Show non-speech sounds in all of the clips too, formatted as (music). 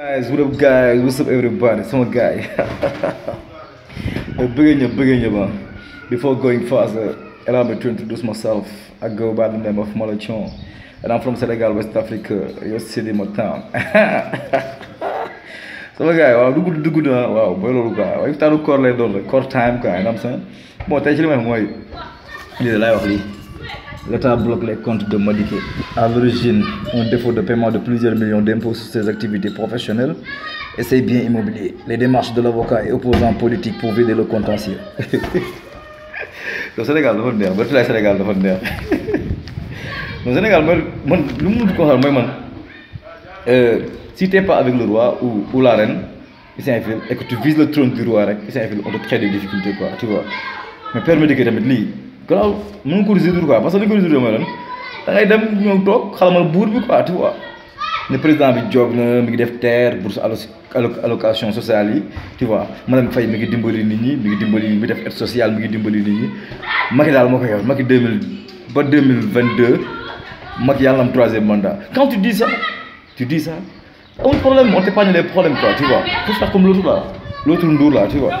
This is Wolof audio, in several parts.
guys what up guys what's everybody sama gars yi bëggee ñëpp bëggee ñëpp going further allow me to introduce myself I go by of Molotchon and I'm from Senegal West Africa your city my town sama gars yi waaw du gudd du gudd ah waaw mooy loolu quoi waaye taanu koor lay doon rek koor time quoi you know what I'm saying bon tey ci li may wax mooy lii de laay wax lii l'État bloque les comptes de Modiké. À l'origine, un défaut de paiement de plusieurs millions d'impôts sur ses activités professionnelles et ses biens immobiliers. Les démarches de l'avocat et opposant politique pour vider le contentieux. (laughs) Le Sénégal dafa neex ba le Sénégal dafa neex (laughs) le Sénégal mooy man lu mu mën ko waxal mooy man euh, si t'es pas avec le roi ou la reine et que tu vises le trône du roi rek on te crée des difficultés quoi tu vois mais de que tamit garaawul mënu ko résoudre quoi parce que li ko résoudre mooy lan da dem ñëw toog xalamal buur bi quoi tu vois ne président bi jóg na mi ngi def terre bourse allocation sociale yi tu vois madame Faye mi ngi dimbali nit ñi mi ngi dimbali mi ngi def aide sociale mi ngi dimbali nit ñi Macky daal moo ko yor Macky deux mille ba deux mille vingt deux Macky yàlla am troisième mandat quand tu dis ça tu dis ça amul problème on t'épargne les problèmes quoi tu vois faut faire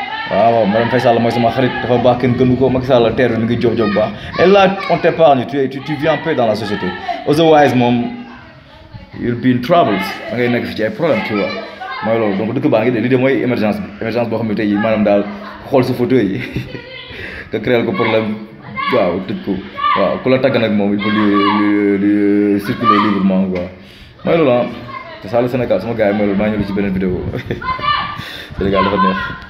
waaw madame Faye Sall mooy sama xarit dafa baax kenn gënu ko Macky Sall teeru mi ngi jóg jóg baax et là on t'épargne tu tu tu vis en paix dans la société otherwise moom you'll be in troubles da ngay nekk fi ci ay problèmes tu vois mooy loolu donc dëkk baa ngi de li de mooy émergence bi émergence boo xam ne tey jii maanaam daal xool sa photo yi (laughs) nga créer ko problème waaw tëj ko waaw ku la tàgg nag moom il faut li li circuler librement quoi mooy loolu ah te ça Sénégal sama gars yi mooy loolu maa ngi ñëw ci beneen vidéo (laughs) Sénégal dafa neex.